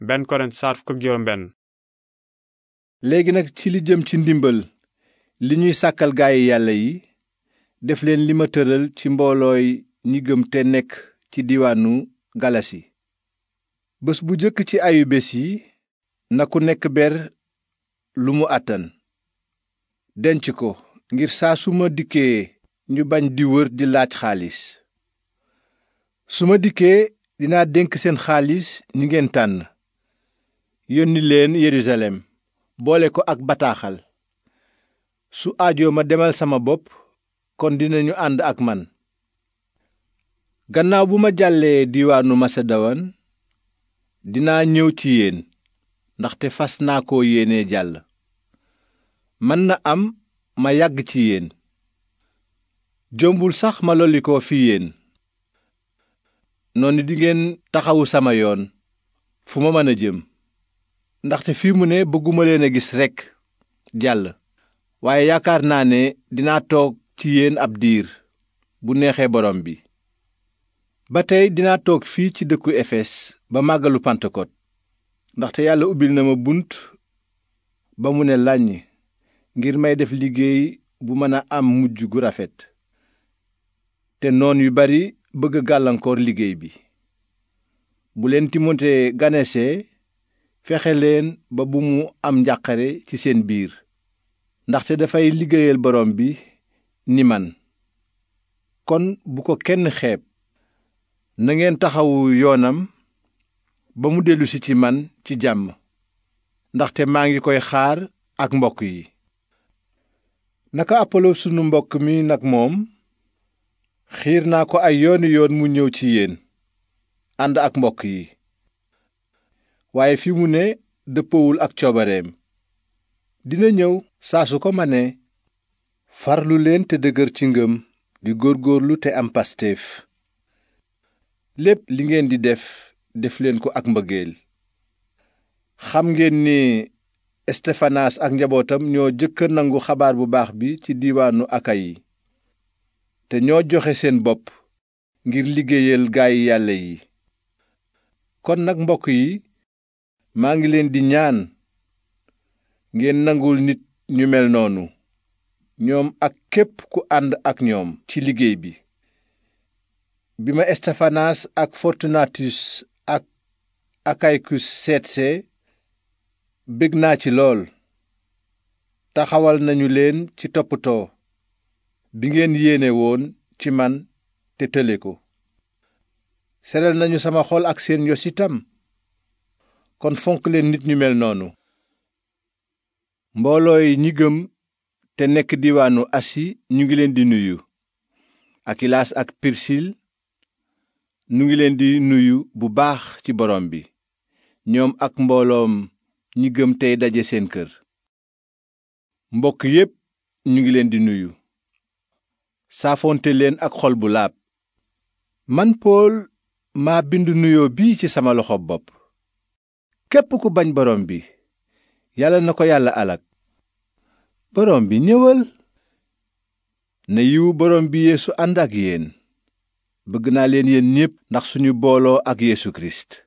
benn korent saar léegi nag ci li jëm ci ndimbal li ñuy sàkkal gaay yàlla yi def leen li ma tëral ci mboolooy ñi gëm te nekk ci diwaanu galasi bés bu jëkk ci ayu bés yi na ku nekk ber lu mu àttan denc ko ngir saa su ma dikkee ñu bañ di wër di laaj xaalis su ma dikkee dinaa denk seen xaalis ñi ngeen tànn yónni leen Yerusalem boole ko ak bataaxal su aajoo ma demal sama bopp kon dinañu ànd ak man gannaaw bu ma jàllee diiwaanu Masedowan dinaa ñëw ci yéen ndaxte fas naa ko yéenee jàll man na am ma yàgg ci yéen jombul sax ma lolli ko fi yéen noonu dingeen taxawu sama yoon fu ma mën a jëm ndaxte fii mu ne bëgguma leen a gis rekk jàll waaye yaakaar naa ne dinaa toog ci yéen ab diir bu neexee borom bi ba tey dinaa toog fii ci dëkku efes ba màggalu Pentecôte ndaxte yàlla ubbil na ma bunt ba mu ne làññ ngir may def liggéey bu mën a am mujj gu rafet te noon yu bari bëgg gàllankoor liggéey bi bu leen Timote ganesee fexe leen ba bu mu am njàqare ci seen biir ndaxte dafay liggéeyal borom bi ni man kon bu ko kenn xeeb na ngeen taxawu yoonam ba mu dellusi ci man ci jàmm ndaxte maa ngi koy xaar ak mbokk yi naka apolo sunu mbokk mi nag moom xiir naa ko ay yooni yoon mu ñëw ci yéen ànd ak mbokk yi waaye fi mu ne dëppawul ak coobareem dina ñëw saa su ko manee farlu leen te dëgër ci ngëm di góor góorlu te am pasteef lépp li ngeen di def def leen ko ak mbëggeel xam ngeen ni Estefanaas ak njabootam ñoo jëkk nangu xabaar bu baax bi ci diiwaanu Akayi te ñoo joxe seen bopp ngir liggéeyal gaay yàlla yi kon nag mbokk yi maa ngi leen di ñaan ngeen nangul nit ñu mel noonu ñoom ak képp ku ànd ak ñoom ci liggéey bi bi ma estefanaas ak fortunatus ak akaykus seetsee bég naa ci lool taxawal nañu leen ci toppatoo bi ngeen yéene woon ci man te tële ko seral nañu sama xol ak seen yos itam kon fonk leen nit ñu mel noonu mbooloo yi ñi gëm te nekk diwaanu asi ñu ngi leen di nuyu akilaas ak pirsil ñu ngi leen di nuyu bu baax ci borom bi ñoom ak mbooloom ñi gëm tey daje seen kër mbokk yépp ñu ngi leen di nuyu saafonte leen ak xol bu laab man pool maa bind nuyoo bii ci sama loxo bopp képp ku bañ borom bi yàlla na ko yàlla alak borom bi ñëwal na yiwu borom bi yéesu ànd ak yéen bëgg naa leen yéen ñépp ndax suñu booloo ak yeesu kirist